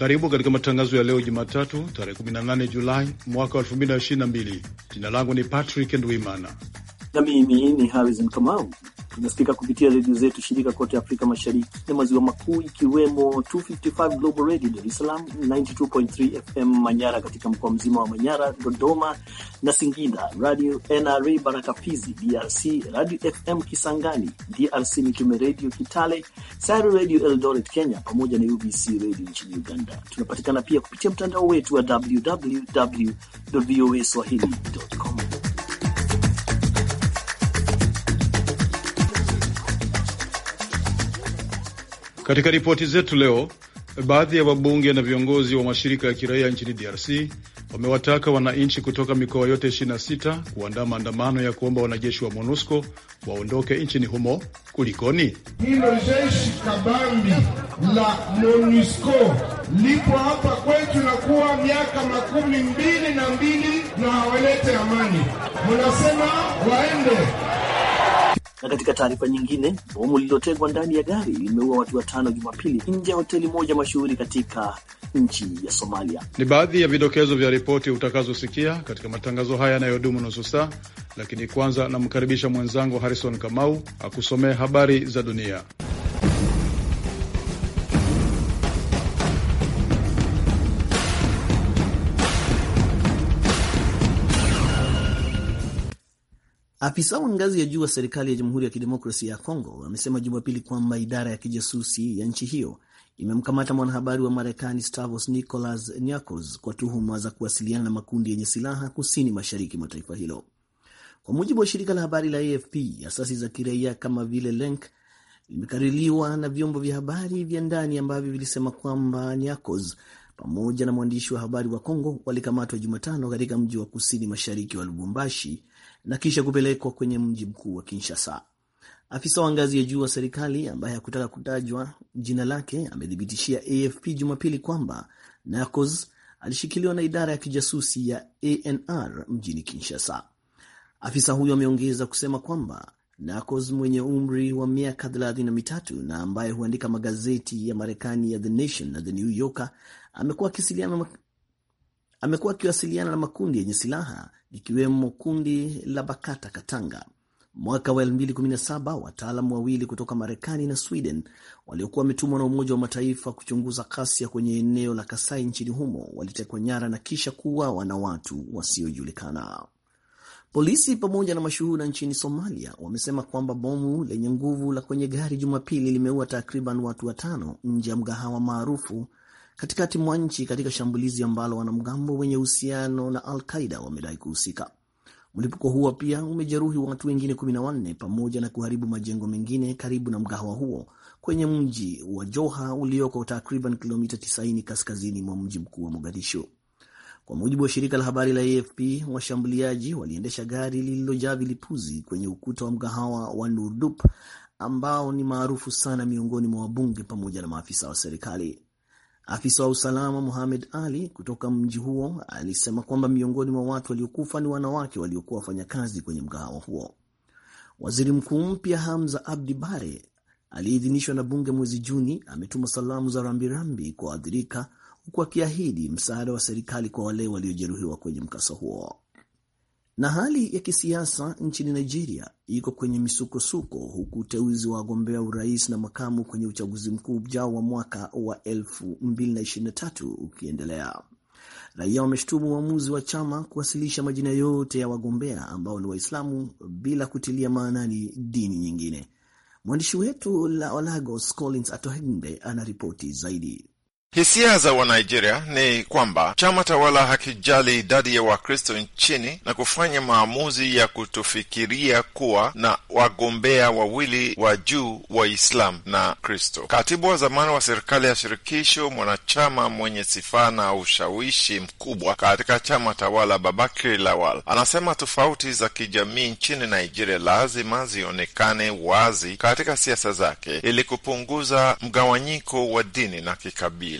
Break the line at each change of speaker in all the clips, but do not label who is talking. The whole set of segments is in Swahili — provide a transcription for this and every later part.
Karibu katika matangazo ya leo Jumatatu, tarehe 18 Julai mwaka 2022. Jina langu ni Patrick Ndwimana
na mimi ni Harrison Kamau. Tunasikika kupitia redio zetu shirika kote Afrika Mashariki na Maziwa Makuu, ikiwemo 255 Global Radio Dar es Salaam, 92.3 FM Manyara katika mkoa mzima wa Manyara, Dodoma na Singida, Radio NRA Baraka Fizi DRC, Radio FM Kisangani DRC, Mitume Redio Kitale, Sayari Radio Eldoret Kenya, pamoja na UBC Radio nchini Uganda. Tunapatikana pia kupitia mtandao wetu wa www voa swahili.com.
Katika ripoti zetu leo, baadhi ya wabunge na viongozi wa mashirika ya kiraia nchini DRC wamewataka wananchi kutoka mikoa yote 26 kuandaa maandamano ya kuomba wanajeshi wa MONUSCO waondoke nchini humo. Kulikoni?
Hilo jeshi kabambi la MONUSCO lipo hapa kwetu na kuwa miaka makumi mbili na mbili na hawalete amani, munasema waende
na katika taarifa nyingine, bomu lililotegwa ndani ya gari limeua watu watano Jumapili nje ya hoteli moja mashuhuri katika nchi ya Somalia.
Ni baadhi ya vidokezo vya ripoti utakazosikia katika matangazo haya yanayodumu nusu saa, lakini kwanza namkaribisha mwenzangu Harrison Kamau akusomee habari za dunia.
Afisa wa ngazi ya juu wa serikali ya Jamhuri ya Kidemokrasia ya Kongo amesema Jumapili kwamba idara ya kijasusi ya nchi hiyo imemkamata mwanahabari wa Marekani stavos nicolas Niarchos kwa tuhuma za kuwasiliana na makundi yenye silaha kusini mashariki mwa taifa hilo. Kwa mujibu wa shirika la habari la AFP, asasi za kiraia kama vile Lenk limekaririwa na vyombo vya habari vya ndani ambavyo vilisema kwamba nyacos pamoja na mwandishi wa habari wa Kongo walikamatwa Jumatano katika mji wa kusini mashariki wa Lubumbashi na kisha kupelekwa kwenye mji mkuu wa Kinshasa. Afisa wa ngazi ya juu wa serikali ambaye hakutaka kutajwa jina lake amethibitishia AFP Jumapili kwamba Nacos alishikiliwa na idara ya kijasusi ya ANR mjini Kinshasa. Afisa huyo ameongeza kusema kwamba Nacos mwenye umri wa miaka mitatu na ambaye huandika magazeti ya Marekani ya The Nation na The New Yorker amekuwa akisiliana amekuwa akiwasiliana na makundi yenye silaha likiwemo kundi la Bakata Katanga. Mwaka wa 2017 wataalam wawili kutoka Marekani na Sweden waliokuwa wametumwa na Umoja wa Mataifa kuchunguza ghasia kwenye eneo la Kasai nchini humo walitekwa nyara na kisha kuuawa na watu wasiojulikana. Polisi pamoja na mashuhuda nchini Somalia wamesema kwamba bomu lenye nguvu la kwenye gari Jumapili limeua takriban watu watano nje ya mgahawa maarufu katikati mwa nchi katika shambulizi ambalo wanamgambo wenye uhusiano na Al-Qaida wamedai kuhusika. Mlipuko huo pia umejeruhi watu wengine 14 pamoja na kuharibu majengo mengine karibu na mgahawa huo kwenye mji wa Joha ulioko takriban kilomita 90 kaskazini mwa mji mkuu wa Mogadishu. Kwa mujibu wa shirika la habari la AFP, washambuliaji waliendesha gari lililojaa vilipuzi kwenye ukuta wa mgahawa wa Nurdup ambao ni maarufu sana miongoni mwa wabunge pamoja na maafisa wa serikali. Afisa wa usalama muhamed Ali kutoka mji huo alisema kwamba miongoni mwa watu waliokufa ni wanawake waliokuwa wafanyakazi kwenye mgahawa huo. Waziri mkuu mpya Hamza Abdi Bare aliyeidhinishwa na bunge mwezi Juni ametuma salamu za rambirambi kwa waathirika, huku akiahidi msaada wa serikali kwa wale waliojeruhiwa kwenye mkasa huo na hali ya kisiasa nchini Nigeria iko kwenye misukosuko huku uteuzi wa wagombea urais na makamu kwenye uchaguzi mkuu ujao wa mwaka wa 2023 ukiendelea. Raia wameshtumu uamuzi wa chama kuwasilisha majina yote ya wagombea ambao ni Waislamu bila kutilia maanani dini nyingine. Mwandishi wetu la Lagos Collins Atohende anaripoti zaidi.
Hisia za Wanigeria ni kwamba chama tawala hakijali idadi ya Wakristo nchini na kufanya maamuzi ya kutofikiria kuwa na wagombea wawili wa juu Islam na Kristo. Katibu wa zamani wa serikali ya shirikisho, mwanachama mwenye sifa na ushawishi mkubwa katika chama tawala, Babakiri Lawal, anasema tofauti za kijamii nchini Nigeria lazima zionekane wazi katika siasa zake ili kupunguza mgawanyiko wa dini na kikabila.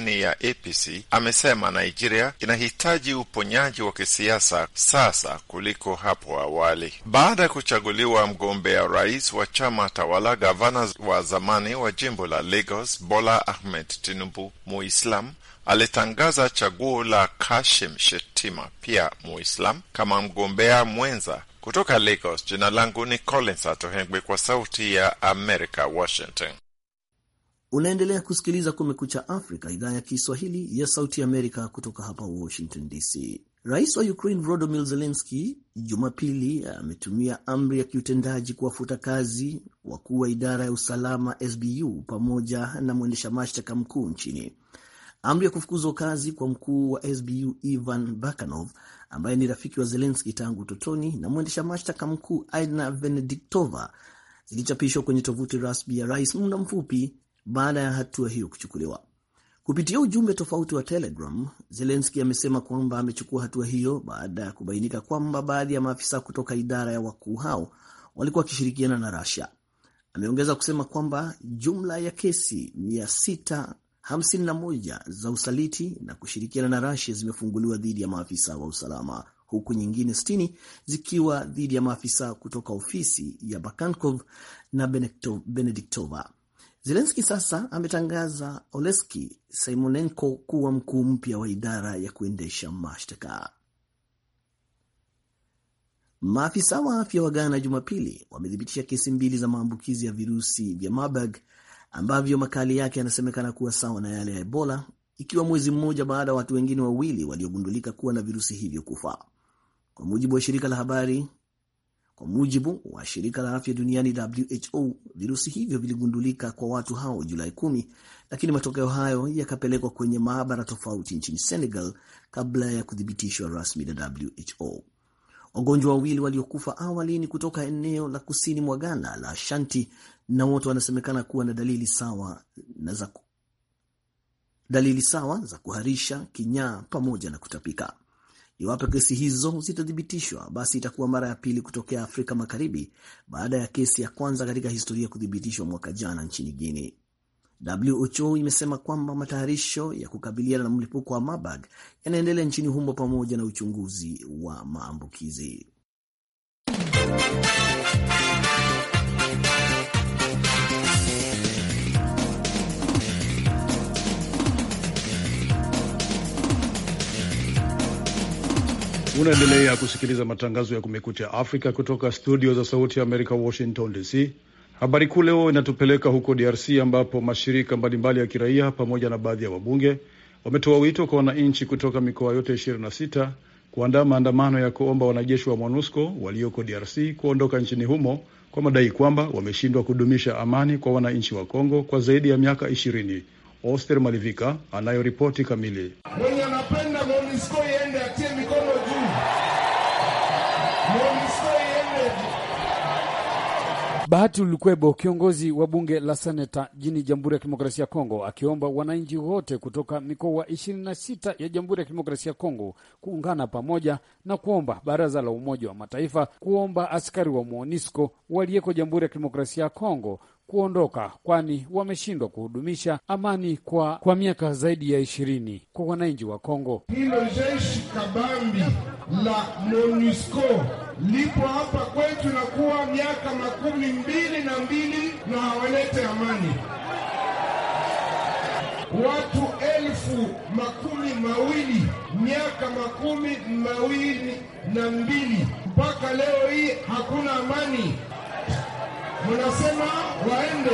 kampeni ya APC amesema Nigeria inahitaji uponyaji wa kisiasa sasa kuliko hapo awali. Baada ya kuchaguliwa mgombea rais wa chama tawala, gavana wa zamani wa jimbo la Lagos Bola Ahmed Tinubu, Muislam, alitangaza chaguo la Kashim Shetima, pia Muislam, kama mgombea mwenza kutoka Lagos. Jina langu ni Collins Atohengwi kwa Sauti ya Amerika, Washington.
Unaendelea kusikiliza Kumekucha Afrika, idhaa ya Kiswahili ya Sauti Amerika, kutoka hapa Washington DC. Rais wa Ukraine Volodymyr Zelensky Jumapili ametumia amri ya kiutendaji kuwafuta kazi wakuu wa idara ya usalama SBU pamoja na mwendesha mashtaka mkuu nchini. Amri ya kufukuzwa kazi kwa mkuu wa SBU Ivan Bakanov ambaye ni rafiki wa Zelensky tangu utotoni na mwendesha mashtaka mkuu Aina Venediktova zilichapishwa kwenye tovuti rasmi ya rais muda mfupi baada ya hatua hiyo kuchukuliwa. Kupitia ujumbe tofauti wa Telegram, Zelenski amesema kwamba amechukua hatua hiyo baada ya kubainika kwamba baadhi ya maafisa kutoka idara ya wakuu hao walikuwa wakishirikiana na rasia Ameongeza kusema kwamba jumla ya kesi 651 za usaliti na kushirikiana na rasia zimefunguliwa dhidi ya maafisa wa usalama huku nyingine 60 zikiwa dhidi ya maafisa kutoka ofisi ya Bakankov na Benediktova. Zelenski sasa ametangaza Oleski Simonenko kuwa mkuu mpya wa idara ya kuendesha mashtaka. Maafisa wa afya wa Ghana Jumapili wamethibitisha kesi mbili za maambukizi ya virusi vya Marburg ambavyo makali yake yanasemekana kuwa sawa na yale ya Ebola, ikiwa mwezi mmoja baada ya watu wengine wawili waliogundulika kuwa na virusi hivyo kufa, kwa mujibu wa shirika la habari kwa mujibu wa shirika la afya duniani WHO, virusi hivyo viligundulika kwa watu hao Julai kumi, lakini matokeo hayo yakapelekwa kwenye maabara tofauti nchini Senegal kabla ya kuthibitishwa rasmi na WHO. Wagonjwa wawili waliokufa awali ni kutoka eneo la kusini mwa Ghana la shanti na wote wanasemekana kuwa na dalili sawa na za dalili sawa za kuharisha, kinyaa pamoja na kutapika. Iwapo kesi hizo zitathibitishwa, basi itakuwa mara ya pili kutokea Afrika Magharibi baada ya kesi ya kwanza katika historia kuthibitishwa mwaka jana nchini Guinea. WHO imesema kwamba matayarisho ya kukabiliana na mlipuko wa Marburg yanaendelea nchini humo pamoja na uchunguzi wa maambukizi.
Unaendelea kusikiliza matangazo ya Kumekucha Afrika kutoka studio za Sauti ya Amerika, Washington DC. Habari kuu leo inatupeleka huko DRC ambapo mashirika mbalimbali ya kiraia pamoja na baadhi ya wabunge wametoa wito kwa wananchi kutoka mikoa yote 26 kuandaa maandamano ya kuomba wanajeshi wa MONUSCO walioko DRC kuondoka nchini humo kwa madai kwamba wameshindwa kudumisha amani kwa wananchi wa Kongo kwa zaidi ya miaka ishirini. Oster Malivika anayoripoti kamili.
Mwenye anapenda MONUSCO iende atie
Bahati Lukwebo, kiongozi wa bunge la seneta jini Jamhuri ya Kidemokrasia ya Kongo, akiomba wananchi wote kutoka mikoa 26 ya Jamhuri ya Kidemokrasia ya Kongo kuungana pamoja na kuomba Baraza la Umoja wa Mataifa kuomba askari wa MONUSCO waliyeko Jamhuri ya Kidemokrasia ya Kongo kuondoka kwani wameshindwa kuhudumisha amani kwa, kwa miaka zaidi ya ishirini kwa wananchi wa Kongo.
Hilo jeshi kabambi la MONUSCO lipo hapa kwetu na kuwa miaka makumi mbili na mbili na hawalete amani. Watu elfu makumi mawili miaka makumi mawili na mbili mpaka
leo hii hakuna amani, munasema waende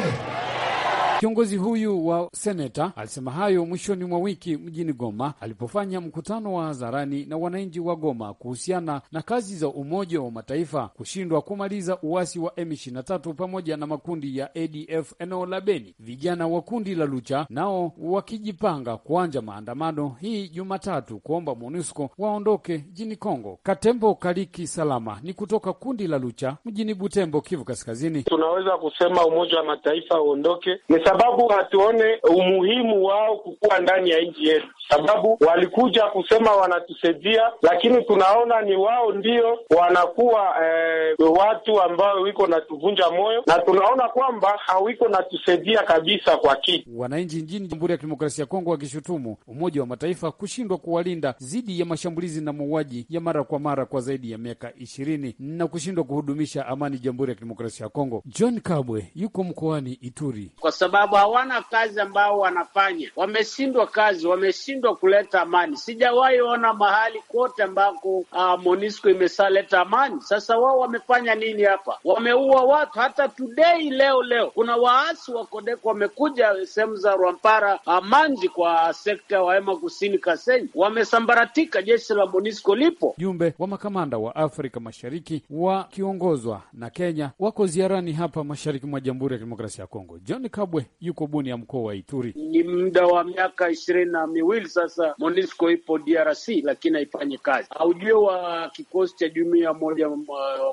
Kiongozi huyu wa seneta alisema hayo mwishoni mwa wiki mjini Goma alipofanya mkutano wa hadharani na wananchi wa Goma kuhusiana na kazi za Umoja wa Mataifa kushindwa kumaliza uasi wa M23 pamoja na makundi ya ADF eneo la Beni, vijana wa kundi la Lucha nao wakijipanga kuanja maandamano hii Jumatatu kuomba MONUSCO waondoke jini Kongo. Katembo Kaliki Salama ni kutoka kundi la Lucha mjini Butembo, Kivu Kaskazini.
Tunaweza kusema Umoja wa Mataifa uondoke
sababu hatuone umuhimu wao kukuwa ndani ya nchi yetu, sababu walikuja kusema wanatusaidia, lakini tunaona ni wao ndio wanakuwa e, watu ambao wiko natuvunja moyo na tunaona kwamba hawiko natusaidia kabisa kwa kitu.
Wananchi nchini Jamhuri ya Kidemokrasia ya Kongo wakishutumu Umoja wa Mataifa kushindwa kuwalinda dhidi ya mashambulizi na mauaji ya mara kwa mara kwa zaidi ya miaka ishirini na kushindwa kuhudumisha amani Jamhuri ya Kidemokrasia ya Kongo. John Kabwe yuko mkoani Ituri
kwa sababu sababu hawana kazi ambao wanafanya, wameshindwa kazi, wameshindwa kuleta amani. Sijawahi ona mahali kote ambako uh, ah, MONUSCO imeshaleta amani. Sasa wao wamefanya nini hapa? Wameua watu hata today, leo leo kuna waasi wa Kodeko wamekuja sehemu za Rwampara, uh, ah, Manji kwa sekta ya Wahema Kusini, Kasenyi, wamesambaratika, jeshi la MONUSCO lipo.
Jumbe wa makamanda wa Afrika Mashariki wakiongozwa na Kenya wako ziarani hapa mashariki mwa Jamhuri ya Kidemokrasia ya Kongo. John Kabwe yuko buni ya mkoa wa Ituri.
Ni muda wa miaka ishirini na miwili sasa MONUSCO ipo DRC lakini haifanyi kazi. Ujio wa kikosi cha jumuiya moja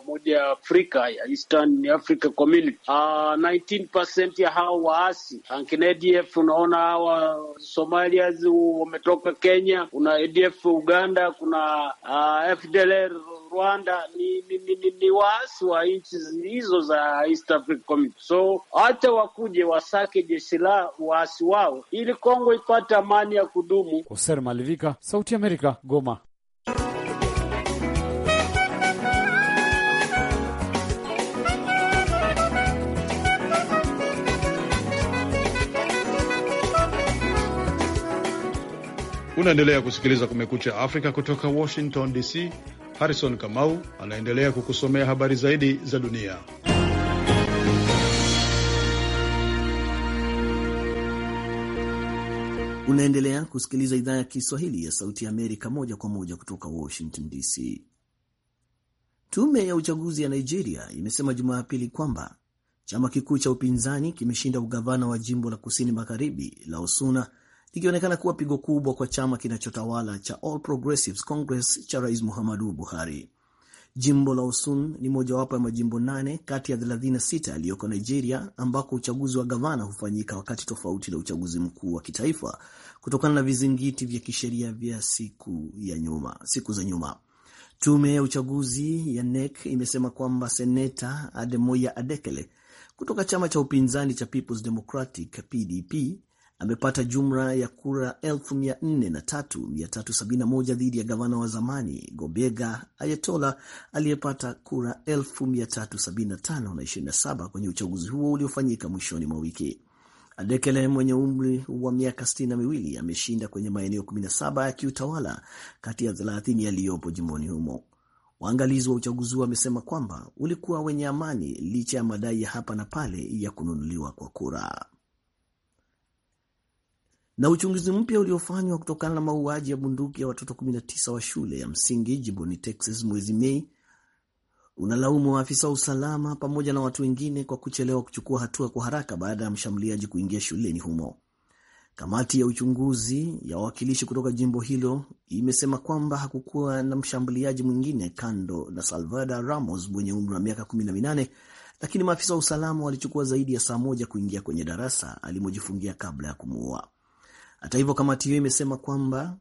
moja Afrika ya Eastern Africa Community, uh, ah, 19% ya hao waasi akina ADF, unaona hawa Somalia wametoka Kenya, kuna ADF Uganda, kuna uh, ah, FDLR Rwanda ni, ni, ni, ni, ni waasi wa nchi hizo za East African Community. So hata wakuje wasake jeshi la waasi wao ili Kongo ipate amani ya kudumu.
Hoser Malivika, Sauti ya Amerika, Goma.
Unaendelea kusikiliza Kumekucha Afrika kutoka Washington DC. Harrison Kamau anaendelea kukusomea habari zaidi za dunia.
Unaendelea kusikiliza idhaa ya Kiswahili ya Sauti ya Amerika moja kwa moja kutoka Washington DC. Tume ya uchaguzi ya Nigeria imesema Jumapili kwamba chama kikuu cha upinzani kimeshinda ugavana wa jimbo la kusini magharibi la Osuna likionekana kuwa pigo kubwa kwa chama kinachotawala cha All Progressives Congress cha Rais Muhammadu Buhari. Jimbo la Osun ni mojawapo ya majimbo nane kati ya 36 yaliyoko Nigeria ambako uchaguzi wa gavana hufanyika wakati tofauti na uchaguzi mkuu wa kitaifa kutokana na vizingiti vya kisheria vya siku ya nyuma, siku za nyuma. Tume ya uchaguzi ya NEC imesema kwamba seneta Ademoya Adekele kutoka chama cha upinzani cha Peoples Democratic PDP amepata jumla ya kura 443,371 dhidi ya gavana wa zamani Gobega Ayetola aliyepata kura 375,027 kwenye uchaguzi huo uliofanyika mwishoni mwa wiki. Adekele mwenye umri wa miaka sitini na miwili ameshinda kwenye maeneo 17 ya kiutawala kati ya 30 yaliyopo jimboni humo. Waangalizi wa uchaguzi huo wamesema kwamba ulikuwa wenye amani licha ya madai ya hapa na pale ya kununuliwa kwa kura na uchunguzi mpya uliofanywa kutokana na mauaji ya bunduki ya watoto 19 wa shule ya msingi jimboni Texas mwezi Mei unalaumu waafisa wa usalama pamoja na watu wengine kwa kuchelewa kuchukua hatua kwa haraka baada ya mshambuliaji kuingia shuleni humo. Kamati ya uchunguzi ya wawakilishi kutoka jimbo hilo imesema kwamba hakukuwa na mshambuliaji mwingine kando na Salvador Ramos mwenye umri wa miaka 18, lakini maafisa wa usalama walichukua zaidi ya saa moja kuingia kwenye darasa alimojifungia kabla ya kumuua. Hata hivyo, kamati hiyo imesema kwamba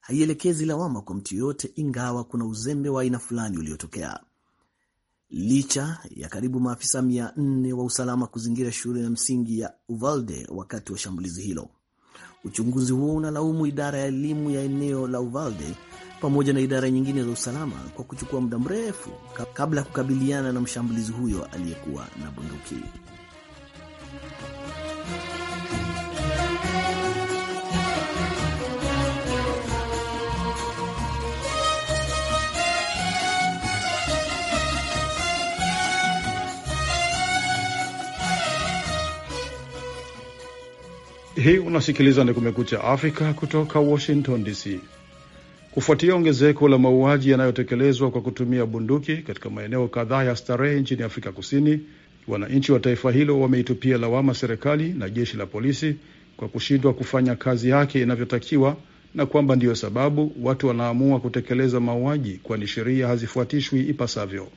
haielekezi lawama kwa mtu yoyote, ingawa kuna uzembe wa aina fulani uliotokea. Licha ya karibu maafisa mia nne wa usalama kuzingira shule ya msingi ya Uvalde wakati wa shambulizi hilo, uchunguzi huo unalaumu idara ya elimu ya eneo la Uvalde pamoja na idara nyingine za usalama kwa kuchukua muda mrefu kabla ya kukabiliana na mshambulizi huyo aliyekuwa na bunduki.
Hii unasikiliza ni Kumekucha Afrika kutoka Washington DC. Kufuatia ongezeko la mauaji yanayotekelezwa kwa kutumia bunduki katika maeneo kadhaa ya starehe nchini Afrika Kusini, wananchi wa taifa hilo wameitupia lawama serikali na jeshi la polisi kwa kushindwa kufanya kazi yake inavyotakiwa na kwamba ndiyo sababu watu wanaamua kutekeleza mauaji, kwani sheria hazifuatishwi ipasavyo.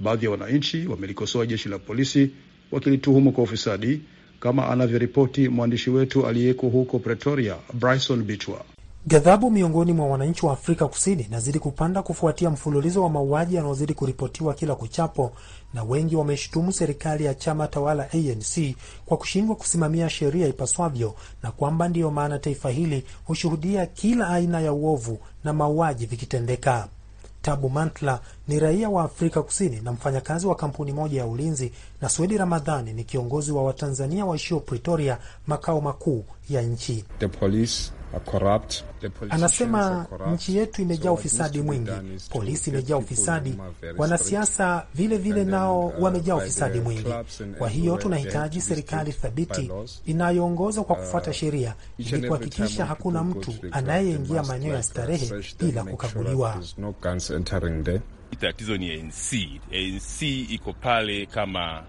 Baadhi ya wananchi wamelikosoa jeshi la polisi wakilituhumu kwa ufisadi kama anavyoripoti mwandishi wetu aliyeko huko Pretoria, Bryson Bichwa.
Ghadhabu miongoni mwa wananchi wa Afrika Kusini inazidi kupanda kufuatia mfululizo wa mauaji yanaozidi kuripotiwa kila kuchapo, na wengi wameshutumu serikali ya chama tawala ANC kwa kushindwa kusimamia sheria ipaswavyo, na kwamba ndiyo maana taifa hili hushuhudia kila aina ya uovu na mauaji vikitendeka. Tabu Mantla ni raia wa Afrika Kusini na mfanyakazi wa kampuni moja ya ulinzi, na Swedi Ramadhani ni kiongozi wa Watanzania waishio Pretoria, makao makuu ya nchi.
The police Anasema
nchi yetu imejaa ufisadi mwingi, polisi imejaa ufisadi, wanasiasa vile vile nao uh, wamejaa ufisadi mwingi. Kwa hiyo tunahitaji serikali thabiti inayoongozwa kwa uh, kufuata sheria, ili kuhakikisha hakuna mtu anayeingia maeneo ya starehe bila kukaguliwa.
Tatizo ni ANC. ANC iko pale kama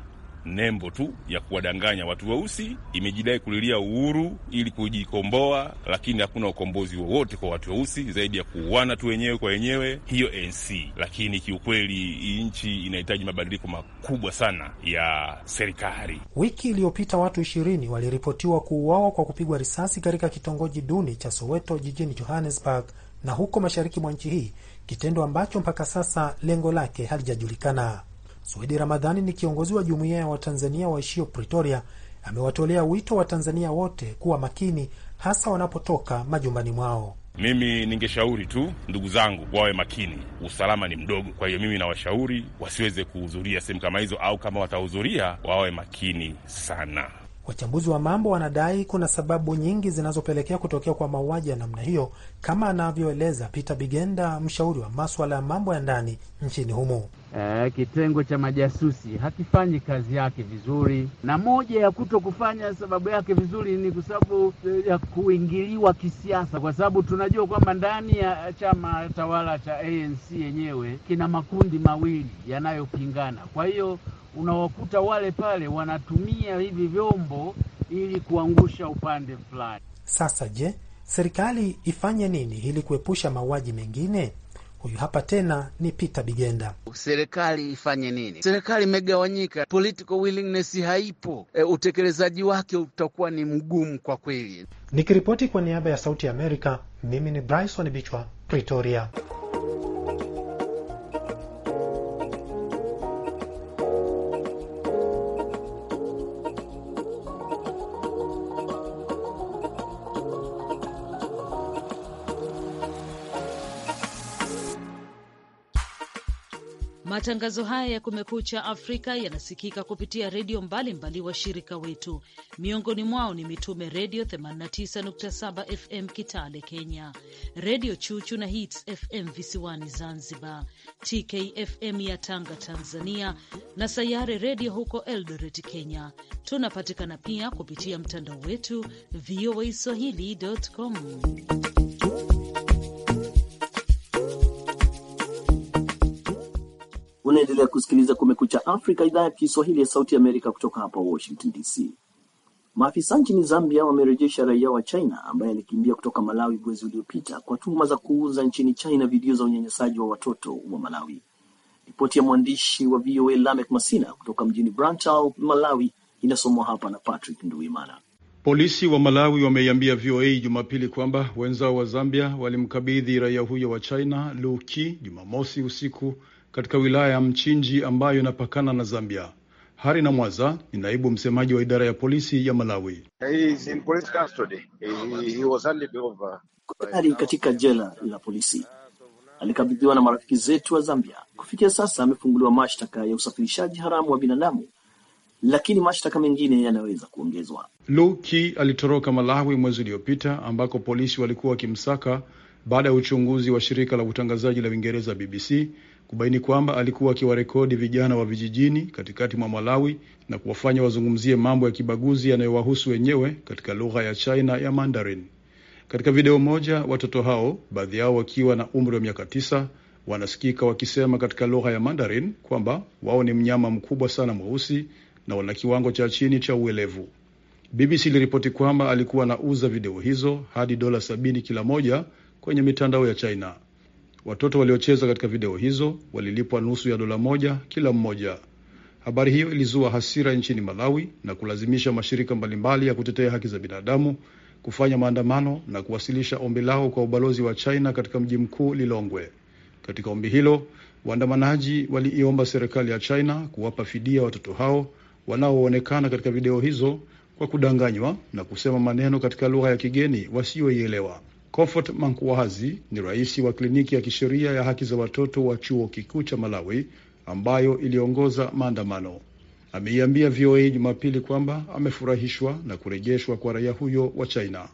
nembo tu ya kuwadanganya watu. Weusi imejidai kulilia uhuru ili kujikomboa, lakini hakuna ukombozi wowote kwa watu weusi zaidi ya kuuana tu wenyewe kwa wenyewe, hiyo ANC. Lakini kiukweli nchi inahitaji mabadiliko makubwa sana ya serikali.
Wiki iliyopita watu ishirini waliripotiwa kuuawa kwa kupigwa risasi katika kitongoji duni cha Soweto jijini Johannesburg na huko mashariki mwa nchi hii, kitendo ambacho mpaka sasa lengo lake halijajulikana. Swedi Ramadhani ni kiongozi wa jumuiya ya Watanzania waishio Pretoria, amewatolea wito Watanzania wote kuwa makini, hasa wanapotoka majumbani mwao.
Mimi ningeshauri tu ndugu zangu wawe makini, usalama ni mdogo. Kwa hiyo mimi nawashauri wasiweze kuhudhuria sehemu kama hizo, au kama watahudhuria wawe makini sana.
Wachambuzi wa mambo wanadai kuna sababu nyingi zinazopelekea kutokea kwa mauaji ya namna hiyo, kama anavyoeleza Peter Bigenda, mshauri wa maswala ya mambo ya ndani nchini humo
eh,
kitengo cha majasusi hakifanyi kazi yake vizuri,
na moja ya kuto kufanya
sababu yake vizuri ni kwa sababu eh, ya kuingiliwa kisiasa, kwa sababu tunajua kwamba ndani ya chama tawala cha ANC yenyewe kina makundi mawili yanayopingana. Kwa hiyo unawakuta wale pale wanatumia hivi vyombo ili kuangusha upande fulani.
Sasa je, serikali ifanye nini ili kuepusha mauaji mengine? Huyu hapa tena ni Peter Bigenda.
Serikali ifanye nini? Serikali imegawanyika, political willingness haipo. E, utekelezaji wake
utakuwa ni mgumu kwa kweli.
Nikiripoti kwa niaba ya Sauti ya Amerika, mimi ni Bryson Bichwa, Pretoria.
Matangazo haya
ya Kumekucha Afrika yanasikika kupitia redio mbalimbali washirika wetu, miongoni
mwao ni Mitume Redio 89.7 FM Kitale Kenya, Redio Chuchu na Hits FM visiwani Zanzibar, TKFM ya Tanga Tanzania, na Sayare Redio huko Eldoret Kenya. Tunapatikana pia kupitia mtandao wetu voa swahilicom
Unaendelea kusikiliza Kumekucha Afrika, idhaa ya Kiswahili ya Sauti Amerika kutoka hapa Washington DC. Maafisa nchini Zambia wamerejesha raia wa China ambaye alikimbia kutoka Malawi mwezi uliopita kwa tuhuma za kuuza nchini China video za unyanyasaji wa watoto wa Malawi. Ripoti ya mwandishi wa VOA Lamek Masina kutoka mjini Brantow, Malawi, inasomwa hapa na Patrick Nduimana.
Polisi wa Malawi wameiambia VOA Jumapili kwamba wenzao wa Zambia walimkabidhi raia huyo wa China Luki Jumamosi usiku katika wilaya ya Mchinji ambayo inapakana na Zambia. hari na Mwaza ni naibu msemaji wa idara ya polisi ya Malawi.
Hari katika jela
la polisi, alikabidhiwa na marafiki zetu wa Zambia. Kufikia sasa amefunguliwa mashtaka ya usafirishaji haramu wa binadamu, lakini mashtaka mengine yanaweza kuongezwa.
Luki alitoroka Malawi mwezi uliopita ambako polisi walikuwa wakimsaka baada ya uchunguzi wa shirika la utangazaji la Uingereza BBC kubaini kwamba alikuwa akiwarekodi vijana wa vijijini katikati mwa Malawi na kuwafanya wazungumzie mambo ya kibaguzi yanayowahusu wenyewe katika lugha ya China ya Mandarin. Katika video moja, watoto hao, baadhi yao wakiwa na umri wa miaka tisa, wanasikika wakisema katika lugha ya Mandarin kwamba wao ni mnyama mkubwa sana mweusi na wana kiwango cha chini cha uelevu. BBC iliripoti kwamba alikuwa anauza video hizo hadi dola sabini kila moja kwenye mitandao ya China. Watoto waliocheza katika video hizo walilipwa nusu ya dola moja kila mmoja. Habari hiyo ilizua hasira nchini Malawi na kulazimisha mashirika mbalimbali ya kutetea haki za binadamu kufanya maandamano na kuwasilisha ombi lao kwa ubalozi wa China katika mji mkuu Lilongwe. Katika ombi hilo, waandamanaji waliiomba serikali ya China kuwapa fidia watoto hao wanaoonekana katika video hizo kwa kudanganywa na kusema maneno katika lugha ya kigeni wasioielewa. Comfort Mankwahazi ni rais wa kliniki ya kisheria ya haki za watoto wa chuo kikuu cha Malawi ambayo iliongoza maandamano. Ameiambia VOA Jumapili kwamba amefurahishwa na kurejeshwa kwa raia huyo wa China.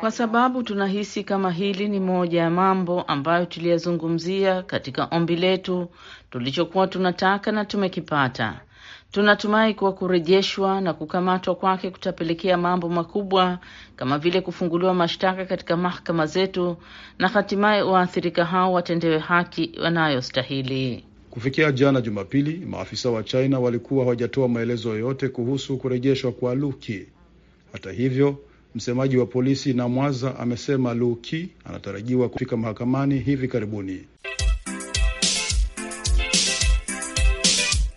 Kwa sababu tunahisi kama hili ni moja ya mambo ambayo tuliyazungumzia katika ombi letu tulichokuwa tunataka na tumekipata. Tunatumai kuwa kurejeshwa na kukamatwa kwake kutapelekea mambo makubwa kama vile kufunguliwa mashtaka katika mahakama zetu na hatimaye waathirika hao watendewe haki wanayostahili.
Kufikia jana Jumapili, maafisa wa China walikuwa hawajatoa maelezo yoyote kuhusu kurejeshwa kwa Luki. Hata hivyo, msemaji wa polisi na Mwaza amesema Luki anatarajiwa kufika mahakamani hivi karibuni.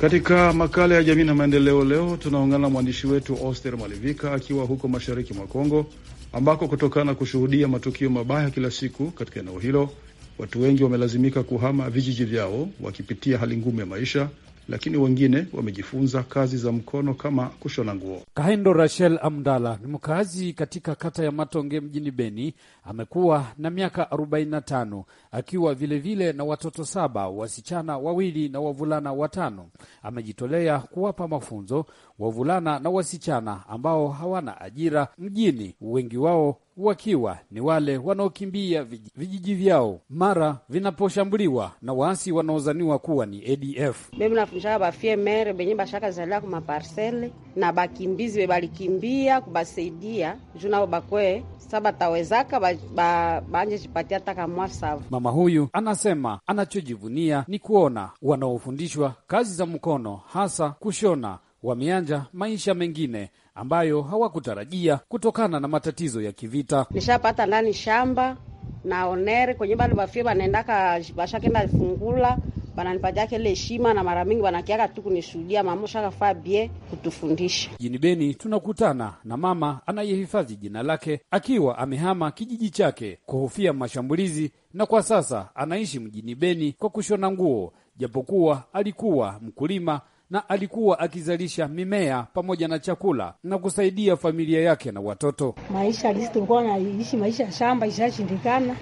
Katika makala ya jamii na maendeleo leo tunaungana na mwandishi wetu Oster Malivika akiwa huko mashariki mwa Kongo, ambako kutokana na kushuhudia matukio mabaya kila siku katika eneo hilo, watu wengi wamelazimika kuhama vijiji vyao wakipitia hali ngumu ya maisha lakini wengine wamejifunza kazi za mkono kama kushona nguo.
Kahendo Rachel Amdala ni mkaazi katika kata ya Matonge mjini Beni. Amekuwa na miaka 45 akiwa vilevile na watoto saba, wasichana wawili na wavulana watano. Amejitolea kuwapa mafunzo wavulana na wasichana ambao hawana ajira mjini, wengi wao wakiwa ni wale wanaokimbia vijiji vyao mara vinaposhambuliwa na waasi wanaozaniwa kuwa ni ADF.
nafundishaka bafie mere benye kuma kumaparsele na bakimbizi bebalikimbia kubasaidia juu nabo bakwe sabatawezaka ba, ba, jipatia taka mwasava.
Mama huyu anasema anachojivunia ni kuona wanaofundishwa kazi za mkono hasa kushona wameanja maisha mengine ambayo hawakutarajia kutokana na matatizo ya kivita. Nishapata
ndani shamba na oneri kwenye bali bafie banaendaka bashakenda fungula bananipatiaka ile heshima na mara mingi wanakiaka tu kunishuhudia mama shakafaa bie kutufundisha.
Jini Beni tunakutana na mama anayehifadhi jina lake akiwa amehama kijiji chake kuhofia mashambulizi, na kwa sasa anaishi mjini Beni kwa kushona nguo, japokuwa alikuwa mkulima na alikuwa akizalisha mimea pamoja na chakula na kusaidia familia yake na watoto.
Maisha gisi tulikuwa naishi maisha ya shamba ishashindikana,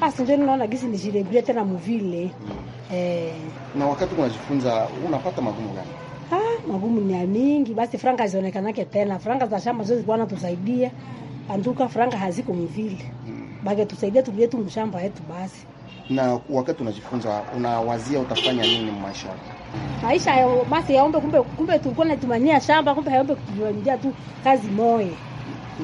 basi ndio naona gisi nishirebilia tena muvile
eh. Na wakati unajifunza unapata magumu gani?
Ah, magumu ni ya mingi, basi franga hazionekanake tena, franga za shamba zote zikuwa natusaidia anduka, franga haziko mvile hmm. Bage tusaidia tulietu mshamba yetu basi.
Na wakati unajifunza unawazia utafanya nini maisha yako?
maisha hayo basi yaombe. Kumbe kumbe tulikuwa tunatumania shamba, kumbe haombe kutujia tu kazi moye.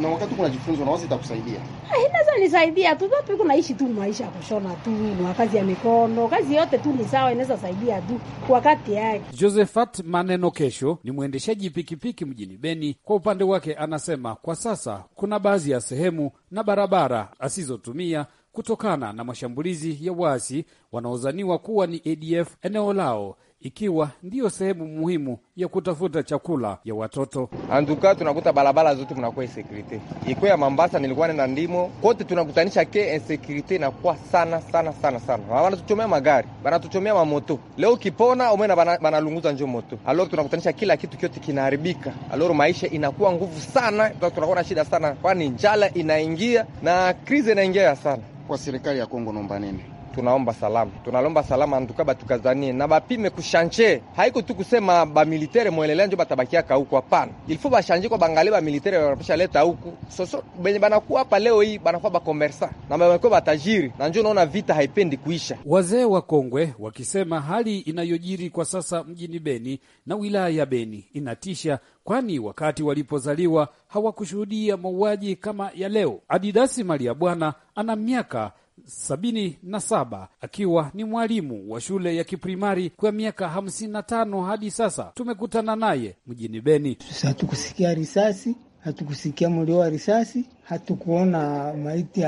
Na wakati kuna jifunzo na wazi itakusaidia. Ah, inaweza nisaidia tu wapi, kunaishi tu maisha ya kushona tu na kazi ya mikono, kazi yote tu ni sawa, inaweza saidia tu kwa wakati yake.
Josephat Maneno Kesho ni mwendeshaji pikipiki mjini Beni. Kwa upande wake anasema kwa sasa kuna baadhi ya sehemu na barabara asizotumia kutokana na mashambulizi ya waasi wanaozaniwa kuwa ni ADF eneo lao
ikiwa ndiyo sehemu muhimu ya kutafuta chakula ya watoto. Anduka tunakuta barabara zote kunakuwa insekurite, ikwe ya Mambasa nilikuwa nenda ndimo kote, tunakutanisha ke insekurite inakuwa sana sana sana sana. Wanatuchomea magari, wanatuchomea mamoto. Leo ukipona umena banalunguza njo moto, alor tunakutanisha kila kitu kyote kinaharibika, alor maisha inakuwa nguvu sana, tunakuwa na shida sana, kwani njala inaingia na krizi inaingia sana. Kwa serikali ya Kongo nomba nini tunaomba salama, tunalomba salama antuka batukazanie na bapime kushanje. Haiko tu kusema bamilitere mwelelea njo batabakiaka huku, hapana, ilifo bashanje kwa bangali bamilitere wanapesha leta huku soso benye banakuwa hapa leo hii banakuwa bakomersa na banakuwa batajiri, na njo unaona vita haipendi kuisha. Wazee wa kongwe wakisema hali inayojiri kwa
sasa mjini Beni na wilaya ya Beni inatisha kwani wakati walipozaliwa hawakushuhudia mauaji kama ya leo. Adidasi Maria Bwana ana miaka sabini na saba akiwa ni mwalimu wa shule ya kiprimari kwa miaka hamsini na tano hadi sasa. Tumekutana naye mjini Beni.
Hatukusikia risasi, hatukusikia mulio wa risasi, hatukuona maiti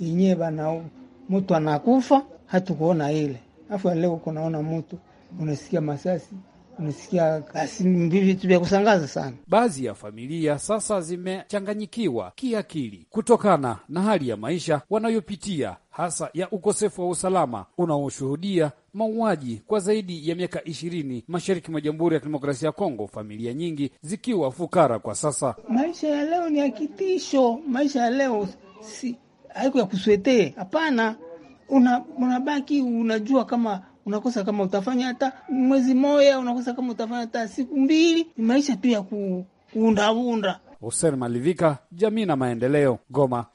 yenyewe bana mtu anakufa, hatukuona ile afu leo kunaona mtu unasikia masasi Umesikia vitu vya kusangaza sana.
Baadhi ya familia sasa zimechanganyikiwa kiakili kutokana na hali ya maisha wanayopitia, hasa ya ukosefu wa usalama unaoshuhudia mauaji kwa zaidi ya miaka ishirini mashariki mwa Jamhuri ya Kidemokrasia ya Kongo, familia nyingi zikiwa fukara kwa sasa.
Maisha ya leo ni ya kitisho. Maisha ya leo si haiko ya kuswetee, hapana. Unabaki una unajua kama unakosa kama utafanya hata mwezi moya unakosa kama utafanya hata siku mbili. Ni maisha tu ya kuundaunda.
Hussein Malivika, jamii na maendeleo, Goma.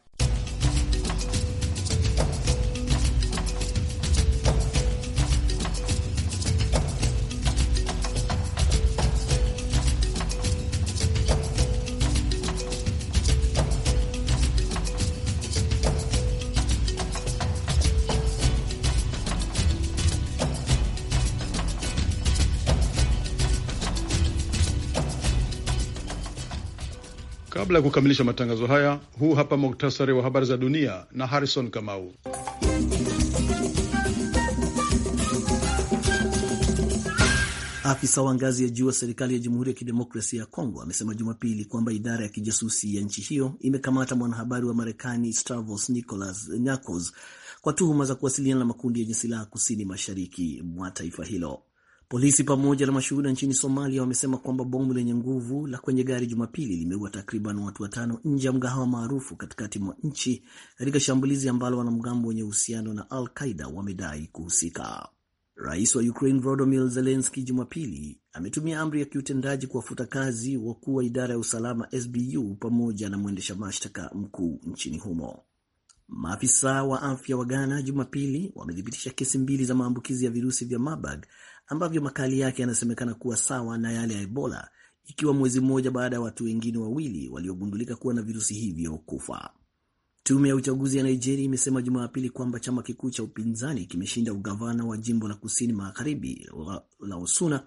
Kabla ya kukamilisha matangazo haya, huu hapa muktasari wa habari za dunia na Harrison Kamau.
Afisa wa ngazi ya juu wa serikali ya Jamhuri ya Kidemokrasia ya Kongo amesema Jumapili kwamba idara ya kijasusi ya nchi hiyo imekamata mwanahabari wa Marekani Stavros nicolas Nyakos kwa tuhuma za kuwasiliana na makundi yenye silaha kusini mashariki mwa taifa hilo. Polisi pamoja na mashuhuda nchini Somalia wamesema kwamba bomu lenye nguvu la kwenye gari Jumapili limeua takriban watu watano nje ya mgahawa maarufu katikati mwa nchi katika shambulizi ambalo wanamgambo wenye uhusiano na Al Qaida wamedai kuhusika. Rais wa Ukraine Volodymyr Zelensky Jumapili ametumia amri ya kiutendaji kuwafuta kazi wakuu wa idara ya usalama SBU pamoja na mwendesha mashtaka mkuu nchini humo. Maafisa wa afya wa Ghana Jumapili wamethibitisha kesi mbili za maambukizi ya virusi vya Marburg ambavyo makali yake yanasemekana kuwa sawa na yale ya Ebola, ikiwa mwezi mmoja baada ya watu wengine wawili waliogundulika kuwa na virusi hivyo kufa. Tume ya uchaguzi ya Nigeria imesema Jumapili kwamba chama kikuu cha upinzani kimeshinda ugavana wa jimbo la kusini magharibi la Osuna,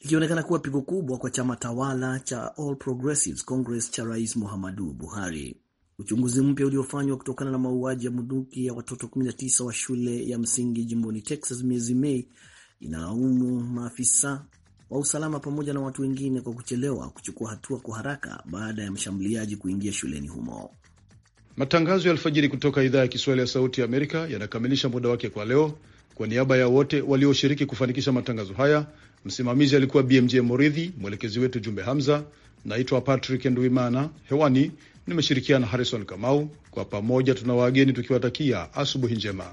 likionekana kuwa pigo kubwa kwa chama tawala cha All Progressives Congress cha Rais Muhammadu Buhari. Uchunguzi mpya uliofanywa kutokana na mauaji ya bunduki ya watoto 19 wa shule ya msingi jimboni Texas miezi Mei inalaumu maafisa wa usalama pamoja na watu wengine kwa kuchelewa kuchukua hatua kwa haraka baada ya mshambuliaji kuingia shuleni humo.
Matangazo ya alfajiri kutoka idhaa ya Kiswahili ya Sauti ya Amerika yanakamilisha muda wake kwa leo. Kwa niaba ya wote walioshiriki kufanikisha matangazo haya, msimamizi alikuwa BMJ Moridhi, mwelekezi wetu Jumbe Hamza. Naitwa Patrick Nduimana, hewani nimeshirikiana Harrison Kamau. Kwa pamoja tuna wageni tukiwatakia asubuhi njema.